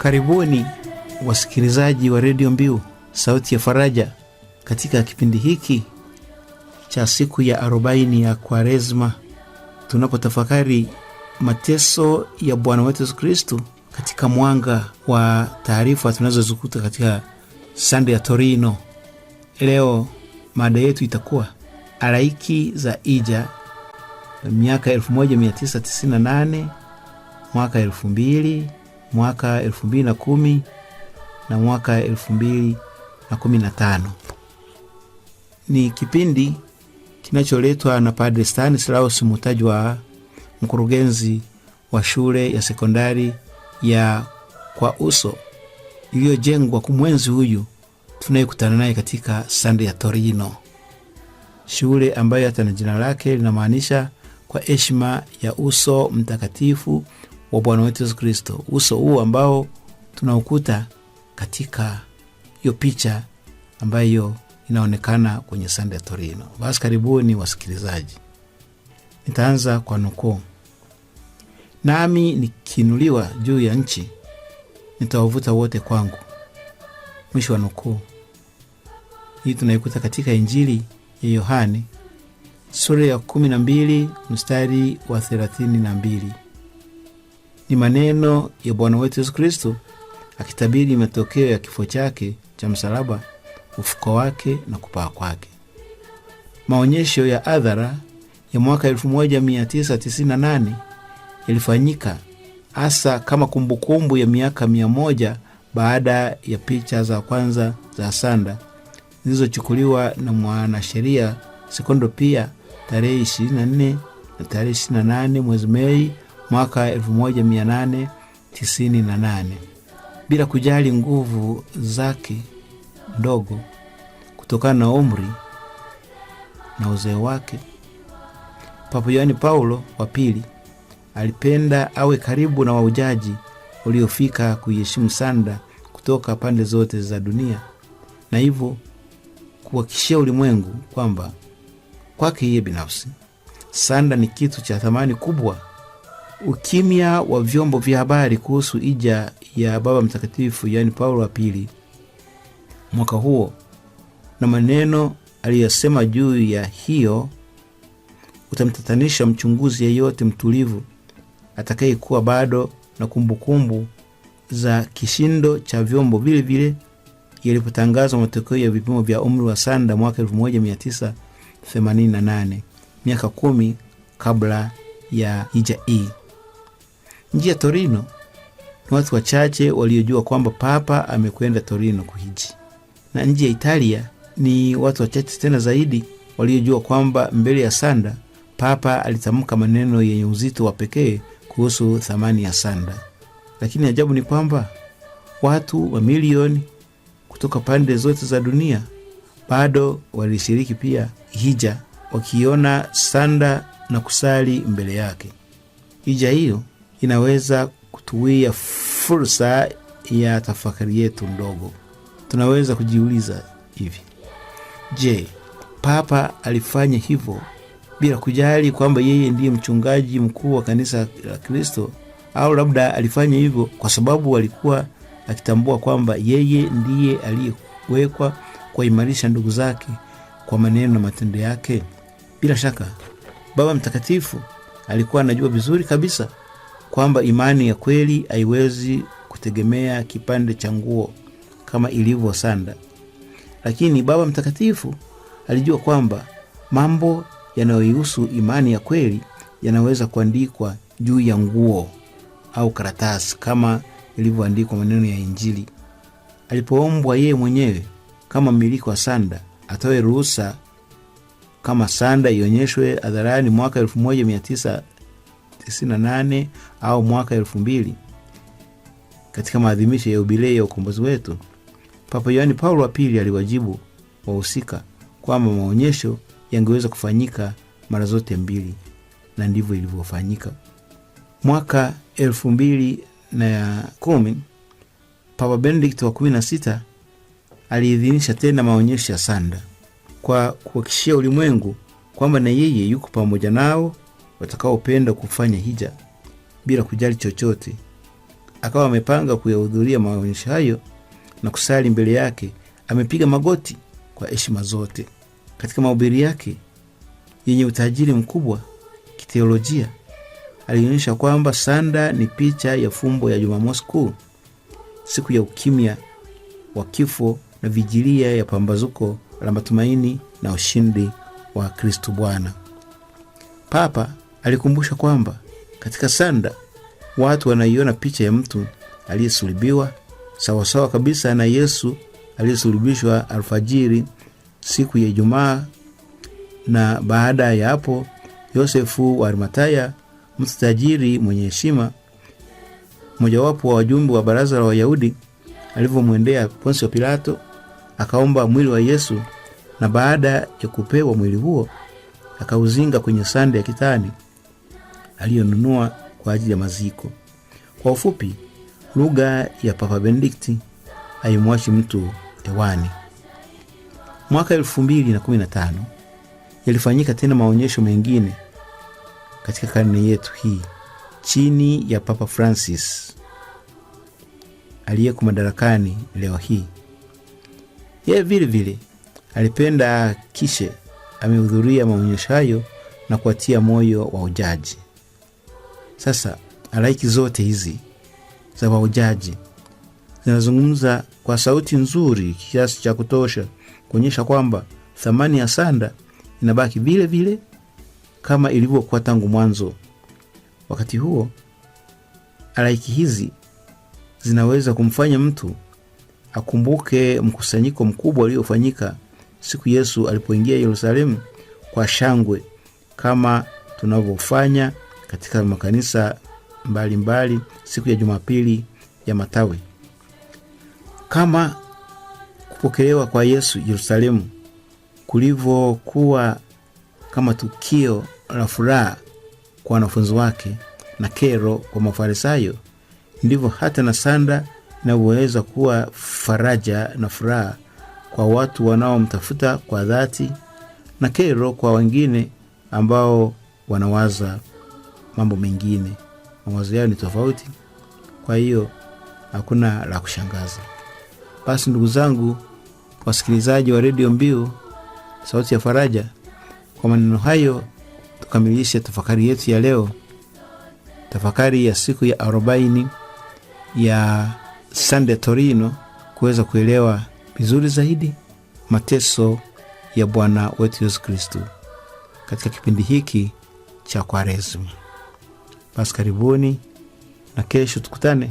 Karibuni wasikilizaji wa redio Mbiu sauti ya Faraja katika kipindi hiki cha siku ya arobaini ya Kwaresma tunapotafakari mateso ya Bwana wetu Yesu Kristu katika mwanga wa taarifa tunazozikuta katika sande ya Torino. Leo mada yetu itakuwa araiki za Ija, miaka 1998 mwaka mwaka elfu mbili na kumi na mwaka elfu mbili na kumi na tano. Ni kipindi kinacholetwa na Padre Stanislaus Mutajwaha, mkurugenzi wa shule ya sekondari ya Kwa Uso iliyojengwa kumwenzi huyu tunayekutana naye katika sande ya Torino, shule ambayo hata na jina lake linamaanisha kwa heshima ya uso mtakatifu wa Bwana wetu Yesu Kristo, uso huu ambao tunaukuta katika hiyo picha ambayo inaonekana kwenye sande ya Torino. Basi karibuni wasikilizaji, nitaanza kwa nukuu: nami nikiinuliwa juu ya nchi nitawavuta wote kwangu, mwisho wa nukuu. Hii tunaikuta katika Injili ya Yohane sura ya kumi na mbili mstari wa thelathini na mbili. Ni maneno ya Bwana wetu Yesu Kristo akitabiri matokeo ya kifo chake cha msalaba, ufuko wake na kupaa kwake. Maonyesho ya adhara ya mwaka 1998 yalifanyika hasa kama kumbukumbu ya miaka mia moja baada ya picha za kwanza za sanda zilizochukuliwa na mwanasheria Sekondo Pia tarehe 24 na tarehe 28 mwezi Mei mwaka 1898 bila kujali nguvu zake ndogo kutokana na umri na uzee wake. Papa Yohani Paulo wa pili alipenda awe karibu na waujaji waliofika kuiheshimu sanda kutoka pande zote za dunia, na hivyo kuhakikishia ulimwengu kwamba kwake yeye binafsi sanda ni kitu cha thamani kubwa Ukimya wa vyombo vya habari kuhusu ija ya Baba Mtakatifu yaani Paulo wa Pili mwaka huo na maneno aliyosema juu ya hiyo utamtatanisha mchunguzi yeyote mtulivu atakayekuwa bado na kumbukumbu kumbu za kishindo cha vyombo vile vile yalipotangazwa matokeo ya vipimo vya umri wa Sanda mwaka 1988 miaka kumi kabla ya hija hii. Njia Torino ni watu wachache waliojua kwamba papa amekwenda Torino kuhiji, na nji ya Italia ni watu wachache tena zaidi waliojua kwamba mbele ya sanda papa alitamka maneno yenye uzito wa pekee kuhusu thamani ya sanda. Lakini ajabu ni kwamba watu mamilioni kutoka pande zote za dunia bado walishiriki pia hija, wakiona sanda na kusali mbele yake. Hija hiyo inaweza kutuwia fursa ya tafakari yetu ndogo. Tunaweza kujiuliza hivi: je, Papa alifanya hivyo bila kujali kwamba yeye ndiye mchungaji mkuu wa kanisa la Kristo? Au labda alifanya hivyo kwa sababu alikuwa akitambua kwamba yeye ndiye aliyewekwa kuwaimarisha ndugu zake kwa maneno na matendo yake. Bila shaka Baba Mtakatifu alikuwa anajua vizuri kabisa kwamba imani ya kweli haiwezi kutegemea kipande cha nguo kama ilivyo sanda. Lakini Baba Mtakatifu alijua kwamba mambo yanayoihusu imani ya kweli yanaweza kuandikwa juu ya nguo au karatasi kama ilivyoandikwa maneno ya Injili. Alipoombwa yeye mwenyewe kama mmiliki wa sanda atoe ruhusa kama sanda ionyeshwe hadharani mwaka 19 98 au mwaka 2000 katika maadhimisho ya ubilei ya ukombozi wetu, Papa Yohani Paulo wa pili aliwajibu wahusika kwamba maonyesho yangeweza kufanyika mara zote mbili, na ndivyo ilivyofanyika. Mwaka elfu mbili na kumi Papa Benedict wa kumi na sita aliidhinisha tena maonyesho ya sanda kwa kuhakikishia ulimwengu kwamba na yeye yuko pamoja nao watakaopenda kufanya hija bila kujali chochote. Akawa amepanga kuyahudhuria maonyesho hayo na kusali mbele yake, amepiga magoti kwa heshima zote. Katika mahubiri yake yenye utajiri mkubwa kiteolojia, alionyesha kwamba sanda ni picha ya fumbo ya Jumamosi Kuu, siku ya ukimya wa kifo na vijilia ya pambazuko la matumaini na ushindi wa kristu Bwana. Papa Alikumbusha kwamba katika sanda watu wanaiona picha ya mtu aliyesulubiwa sawasawa kabisa na Yesu aliyesulubishwa alfajiri siku ya Ijumaa. Na baada ya hapo, Yosefu wa Arimataya, mtu tajiri mwenye heshima, mojawapo wa wajumbe wa baraza la Wayahudi, alivyomwendea Ponsio Pilato akaomba mwili wa Yesu, na baada ya kupewa mwili huo akauzinga kwenye sanda ya kitani aliyonunua kwa ajili ya maziko. Kwa ufupi, lugha ya Papa Benedikti haimwachi mtu hewani. Mwaka elfu mbili na kumi na tano yalifanyika tena maonyesho mengine katika karne yetu hii chini ya Papa Francis aliyeko madarakani leo hii. Yeye vile vile alipenda kishe amehudhuria maonyesho hayo na kuwatia moyo wa ujaji. Sasa halaiki zote hizi za waujaji zinazungumza kwa sauti nzuri kiasi cha kutosha kuonyesha kwamba thamani ya sanda inabaki vile vile kama ilivyokuwa tangu mwanzo. Wakati huo halaiki hizi zinaweza kumfanya mtu akumbuke mkusanyiko mkubwa uliofanyika siku Yesu alipoingia Yerusalemu kwa shangwe kama tunavyofanya katika makanisa mbalimbali mbali, siku ya Jumapili ya Matawi kama kupokelewa kwa Yesu Yerusalemu kulivyokuwa kama tukio la furaha kwa wanafunzi wake na kero kwa Mafarisayo, ndivyo hata na sanda inavyoweza kuwa faraja na furaha kwa watu wanaomtafuta kwa dhati na kero kwa wengine ambao wanawaza mambo mengine, mawazo yao ni tofauti. Kwa hiyo hakuna la kushangaza. Basi ndugu zangu wasikilizaji wa redio Mbiu sauti ya Faraja, kwa maneno hayo tukamilishe tafakari yetu ya leo, tafakari ya siku ya arobaini ya Sande Torino, kuweza kuelewa vizuri zaidi mateso ya Bwana wetu Yesu Kristu katika kipindi hiki cha Kwaresima. Basi karibuni na kesho tukutane,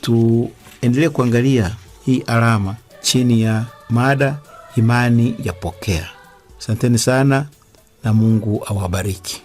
tuendelee kuangalia hii alama chini ya mada imani ya pokea. Asanteni sana na Mungu awabariki.